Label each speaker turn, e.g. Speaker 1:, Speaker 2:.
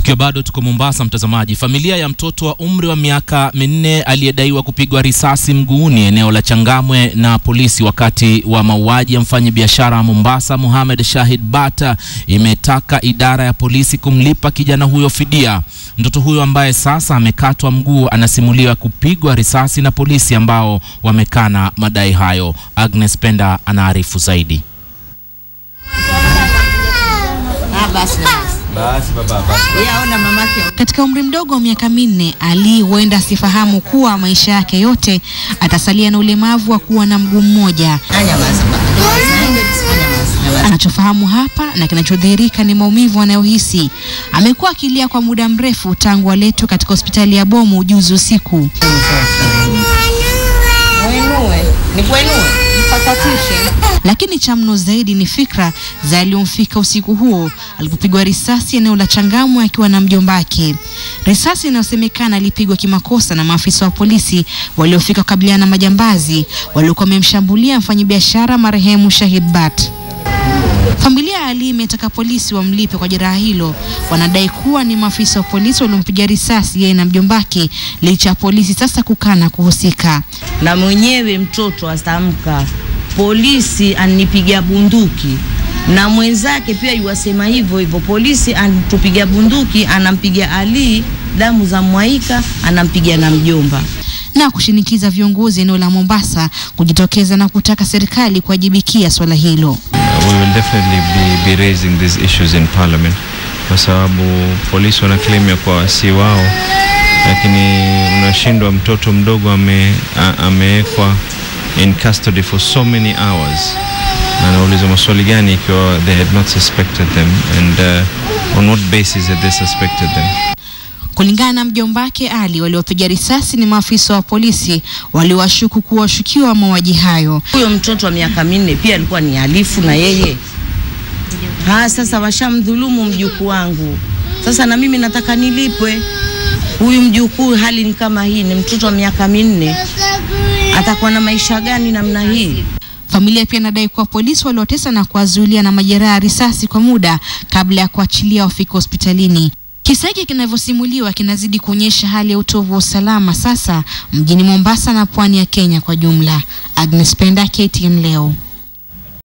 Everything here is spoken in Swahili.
Speaker 1: Tukiwa bado tuko Mombasa, mtazamaji, familia ya mtoto wa umri wa miaka minne aliyedaiwa kupigwa risasi mguuni eneo la Changamwe na polisi wakati wa mauaji ya mfanyabiashara wa Mombasa Mohamed Shahid Bata imetaka idara ya polisi kumlipa kijana huyo fidia. Mtoto huyo ambaye sasa amekatwa mguu anasimuliwa kupigwa risasi na polisi ambao wamekana madai hayo. Agnes Penda anaarifu zaidi.
Speaker 2: Ah, basi baba, basi. Yaona mamake. Katika umri mdogo wa miaka minne, Ali huenda asifahamu kuwa maisha yake yote atasalia na ulemavu wa kuwa na mguu mmoja. Anachofahamu hapa na kinachodhihirika ni maumivu anayohisi. Amekuwa akilia kwa muda mrefu tangu aletwe katika hospitali ya Bomu juzi usiku. Lakini cha mno zaidi ni fikra za aliyomfika usiku huo alipopigwa risasi eneo la Changamwe akiwa na mjombake. Risasi inayosemekana alipigwa kimakosa na maafisa wa polisi waliofika kukabiliana na majambazi waliokuwa wamemshambulia mfanyabiashara marehemu Shahid Bat. Familia ya Ali imetaka polisi wamlipe kwa jeraha hilo. Wanadai kuwa ni maafisa wa polisi waliompiga risasi yeye na mjombake, licha ya polisi sasa kukana kuhusika.
Speaker 3: Na mwenyewe mtoto atamka polisi anipiga bunduki na mwenzake pia yuwasema hivyo hivyo, polisi anatupiga bunduki, anampiga Ali, damu za mwaika, anampiga na mjomba,
Speaker 2: na kushinikiza viongozi eneo la Mombasa kujitokeza na kutaka serikali kuwajibikia swala hilo
Speaker 4: we will definitely be, be raising these issues in parliament kwa sababu polisi wana claim ya kwa si wao, lakini unashindwa, mtoto mdogo amewekwa in custody for so many hours, anaulizwa maswali gani ikiwa they had not suspected them and uh, on what basis had they suspected them.
Speaker 2: Kulingana na mjomba wake Ali, waliopiga risasi ni maafisa wa polisi waliowashuku kuwa washukiwa wa mauaji hayo.
Speaker 3: Huyo mtoto wa miaka minne pia alikuwa ni alifu na yeye ha, sasa washamdhulumu mjukuu wangu, sasa na mimi nataka nilipwe. Huyu mjukuu hali ni kama hii, ni mtoto wa miaka minne, atakuwa na maisha gani namna hii?
Speaker 2: Familia pia inadai kuwa polisi waliotesa na kuwazuilia na majeraha ya risasi kwa muda kabla ya kuachilia wafika hospitalini. Kisa hiki kinavyosimuliwa kinazidi kuonyesha hali ya utovu wa usalama sasa mjini Mombasa na pwani ya Kenya kwa jumla. Agnes Penda, KTN leo.